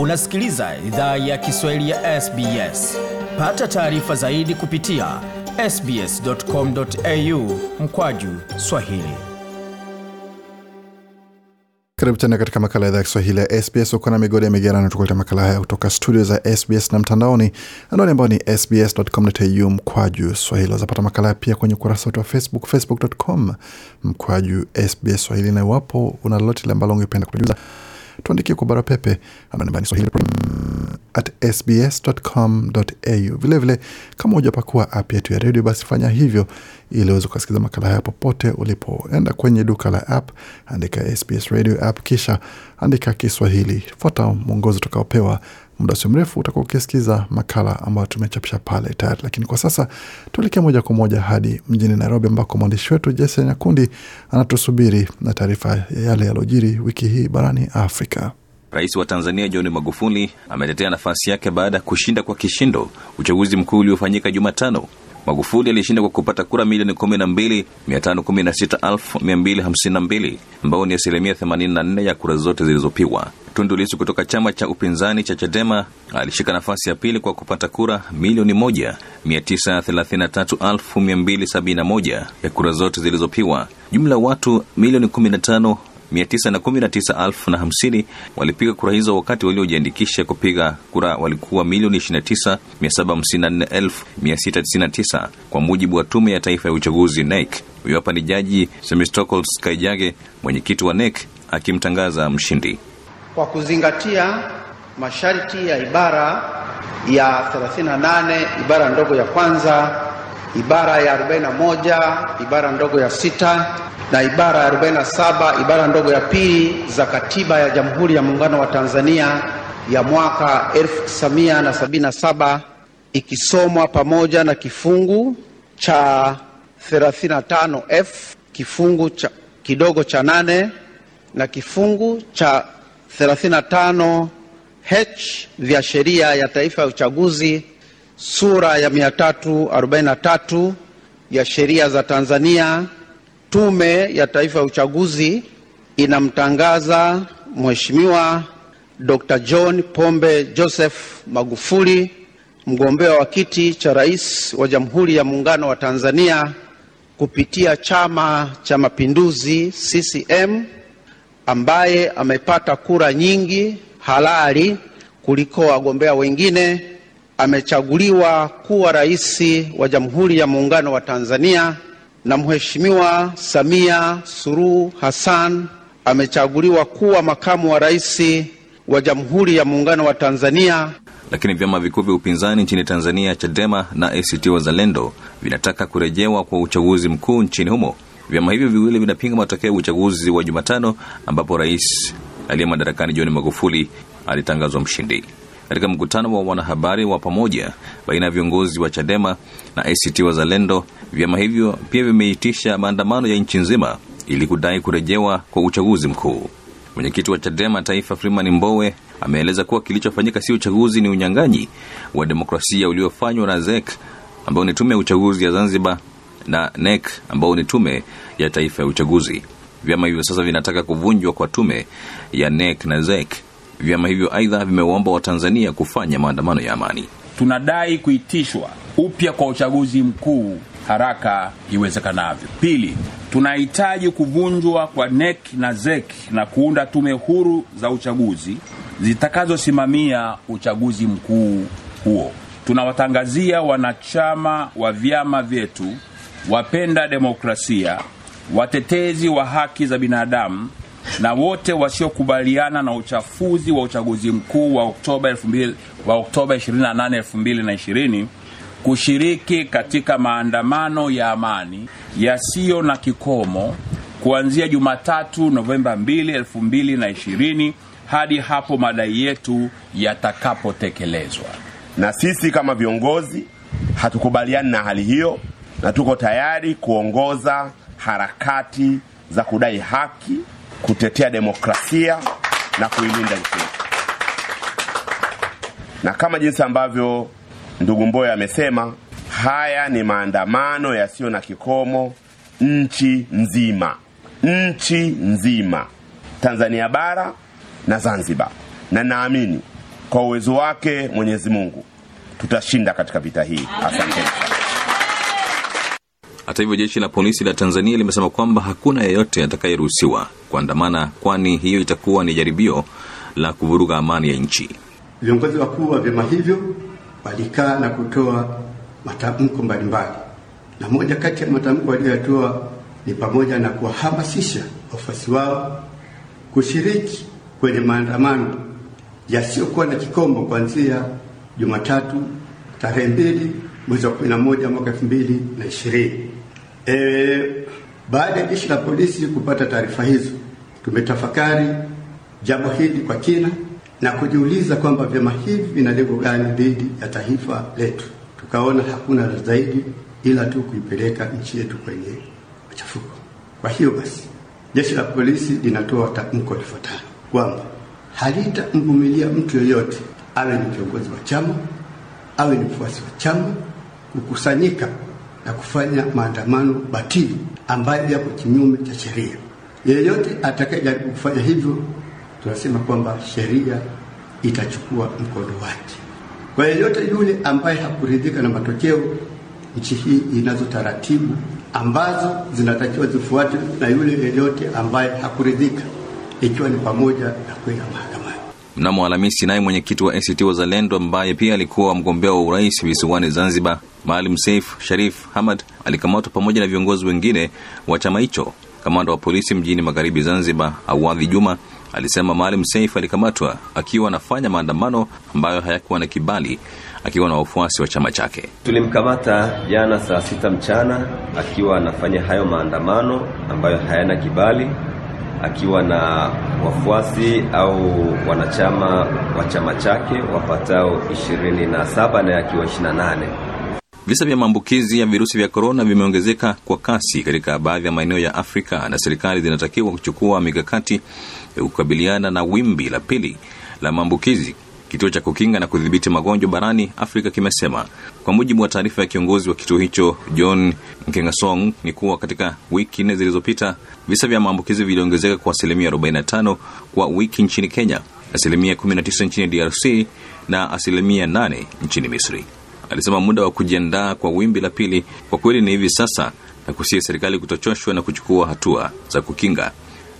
Unasikiliza idhaa ya Kiswahili ya SBS. Pata taarifa zaidi kupitia sbs.com.au mkwaju swahili. Karibu tena katika makala ya idhaa ya Kiswahili ya SBS. ukona migodi ya migerano, tukuleta makala haya kutoka studio za SBS na mtandaoni, anaoni ambao ni sbs.com.au mkwaju swahili. Wazapata makala pia kwenye ukurasa wetu wa Facebook, facebook.com mkwaju sbs swahili, na iwapo una lolote ambalo ungependa kujuza tuandikie kwa barua pepe ambayo ni swahili at sbs.com.au. Vilevile, kama ujapakua app yetu ya redio, basi fanya hivyo ili uweze kusikiliza makala haya popote ulipoenda. Kwenye duka la app, andika SBS radio app, kisha andika Kiswahili, fuata mwongozo utakaopewa muda sio mrefu utakuwa ukisikiza makala ambayo tumechapisha pale tayari, lakini kwa sasa tuelekee moja kwa moja hadi mjini Nairobi ambako mwandishi wetu Jason Nyakundi anatusubiri na taarifa yale yaliojiri wiki hii barani Afrika. Rais wa Tanzania John Magufuli ametetea nafasi yake baada ya kushinda kwa kishindo uchaguzi mkuu uliofanyika Jumatano. Magufuli alishinda kwa kupata kura milioni 12,516,252 ambao ni asilimia 84 ya kura zote zilizopigwa tundulisu kutoka chama cha upinzani cha Chadema alishika nafasi ya pili kwa kupata kura milioni 1933271 ya kura zote zilizopiwa. Jumla ya watu milioni 15 919,050 walipiga kura hizo, wakati waliojiandikisha kupiga kura walikuwa milioni 29,754,699 kwa mujibu wa Tume ya Taifa ya Uchaguzi NEC. Huyo hapa ni Jaji Semistocles Kaijage, mwenyekiti wa NEC akimtangaza mshindi kwa kuzingatia masharti ya ibara ya 38 ibara ndogo ya kwanza, ibara ya 41 ibara ndogo ya sita na ibara ya 47 ibara ndogo ya pili za Katiba ya Jamhuri ya Muungano wa Tanzania ya mwaka 1977 ikisomwa pamoja na kifungu cha 35F kifungu cha kidogo cha nane na kifungu cha 35H vya Sheria ya Taifa ya Uchaguzi sura ya 343 ya Sheria za Tanzania, Tume ya Taifa ya Uchaguzi inamtangaza Mheshimiwa Dr. John Pombe Joseph Magufuli mgombea wa kiti cha rais wa Jamhuri ya Muungano wa Tanzania kupitia Chama cha Mapinduzi CCM ambaye amepata kura nyingi halali kuliko wagombea wengine amechaguliwa kuwa rais wa Jamhuri ya Muungano wa Tanzania, na Mheshimiwa Samia Suluhu Hassan amechaguliwa kuwa makamu wa rais wa Jamhuri ya Muungano wa Tanzania. Lakini vyama vikuu vya upinzani nchini Tanzania, Chadema na ACT Wazalendo, vinataka kurejewa kwa uchaguzi mkuu nchini humo Vyama hivyo viwili vinapinga matokeo ya uchaguzi wa Jumatano ambapo rais aliye madarakani John Magufuli alitangazwa mshindi. Katika mkutano wa wanahabari wa pamoja baina ya viongozi wa Chadema na ACT Wazalendo, vyama hivyo pia vimeitisha maandamano ya nchi nzima ili kudai kurejewa kwa uchaguzi mkuu. Mwenyekiti wa Chadema Taifa, Freeman Mbowe, ameeleza kuwa kilichofanyika si uchaguzi, ni unyang'anyi wa demokrasia uliofanywa na ZEC ambayo ni tume ya uchaguzi ya Zanzibar na NEC ambao ni tume ya taifa ya uchaguzi. Vyama hivyo sasa vinataka kuvunjwa kwa tume ya NEC na ZEC. Vyama hivyo aidha vimewaomba Watanzania kufanya maandamano ya amani. Tunadai kuitishwa upya kwa uchaguzi mkuu haraka iwezekanavyo. Pili, tunahitaji kuvunjwa kwa NEC na ZEC na kuunda tume huru za uchaguzi zitakazosimamia uchaguzi mkuu huo. Tunawatangazia wanachama wa vyama vyetu wapenda demokrasia, watetezi wa haki za binadamu na wote wasiokubaliana na uchafuzi wa uchaguzi mkuu wa Oktoba 2000 wa Oktoba 28, 2020 kushiriki katika maandamano ya amani yasiyo na kikomo kuanzia Jumatatu Novemba 2, 2020 hadi hapo madai yetu yatakapotekelezwa. Na sisi kama viongozi hatukubaliani na hali hiyo na tuko tayari kuongoza harakati za kudai haki, kutetea demokrasia na kuilinda nchi Na kama jinsi ambavyo ndugu Mboya amesema, haya ni maandamano yasiyo na kikomo nchi nzima, nchi nzima, Tanzania bara na Zanzibar, na naamini kwa uwezo wake Mwenyezi Mungu tutashinda katika vita hii. Asanteni. Hata hivyo, jeshi la polisi la Tanzania limesema kwamba hakuna yeyote atakayeruhusiwa kuandamana, kwani hiyo itakuwa ni jaribio la kuvuruga amani ya nchi. Viongozi wakuu wa vyama hivyo walikaa na kutoa matamko mbalimbali, na moja kati ya matamko waliyoyatoa ni pamoja na kuwahamasisha wafuasi wao kushiriki kwenye maandamano yasiyokuwa na kikomo kuanzia Jumatatu tarehe mbili mwezi wa 11 mwaka 2020. E, baada ya jeshi la polisi kupata taarifa hizo, tumetafakari jambo hili kwa kina na kujiuliza kwamba vyama hivi vina lengo gani dhidi ya taifa letu. Tukaona hakuna la zaidi ila tu kuipeleka nchi yetu kwenye machafuko. Kwa hiyo basi, jeshi la polisi linatoa tamko lifuatalo kwamba halitamvumilia mtu yoyote, awe ni kiongozi wa chama, awe ni mfuasi wa chama kukusanyika na kufanya maandamano batili ambayo yako kinyume cha sheria. Yeyote atakayejaribu kufanya hivyo, tunasema kwamba sheria itachukua mkondo wake. Kwa yeyote yule ambaye hakuridhika na matokeo, nchi hii inazo taratibu ambazo zinatakiwa zifuatwe na yule yeyote ambaye hakuridhika, ikiwa ni pamoja na kwenda mahakamani. Mnamo Alhamisi, naye mwenyekiti wa ACT Wazalendo ambaye pia alikuwa mgombea wa urais visiwani Zanzibar Maalim Seif Sharif Hamad alikamatwa pamoja na viongozi wengine wa chama hicho. Kamanda wa polisi mjini magharibi Zanzibar, Awadhi Juma alisema Maalim Seif alikamatwa akiwa anafanya maandamano ambayo hayakuwa na kibali akiwa na wafuasi wa chama chake. Tulimkamata jana saa sita mchana akiwa anafanya hayo maandamano ambayo hayana kibali akiwa na wafuasi au wanachama wa chama chake wapatao ishirini na saba naye akiwa ishirini na nane. Visa vya maambukizi ya virusi vya korona vimeongezeka kwa kasi katika baadhi ya maeneo ya Afrika na serikali zinatakiwa kuchukua mikakati ya kukabiliana na wimbi la pili la maambukizi. Kituo cha kukinga na kudhibiti magonjwa barani Afrika kimesema. Kwa mujibu wa taarifa ya kiongozi wa kituo hicho John Nkengasong, ni kuwa katika wiki nne zilizopita visa vya maambukizi viliongezeka kwa asilimia 45 kwa wiki nchini Kenya, asilimia 19 nchini DRC na asilimia 8 nchini Misri. Alisema muda wa kujiandaa kwa wimbi la pili kwa kweli ni hivi sasa, na kusia serikali kutochoshwa na kuchukua hatua za kukinga.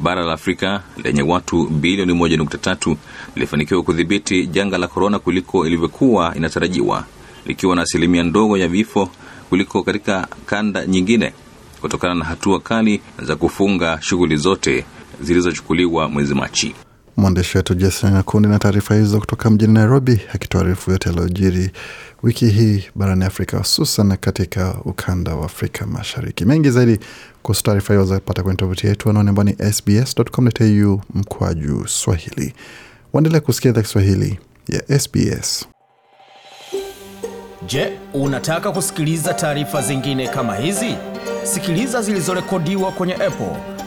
Bara la Afrika lenye watu bilioni 1.3 lilifanikiwa kudhibiti janga la korona kuliko ilivyokuwa inatarajiwa, likiwa na asilimia ndogo ya vifo kuliko katika kanda nyingine, kutokana na hatua kali za kufunga shughuli zote zilizochukuliwa mwezi Machi. Mwandishi wetu Jason Nyakundi na taarifa hizo kutoka mjini Nairobi, akituarifu yote yaliyojiri wiki hii barani Afrika, hususan katika ukanda wa Afrika Mashariki. Mengi zaidi kuhusu taarifa hiyo zapata kwenye tovuti yetu anaone ambao ni sbs.com.au mkwaju swahili. Waendelea kusikia idhaa Kiswahili ya SBS. Je, unataka kusikiliza taarifa zingine kama hizi? Sikiliza zilizorekodiwa kwenye Apple,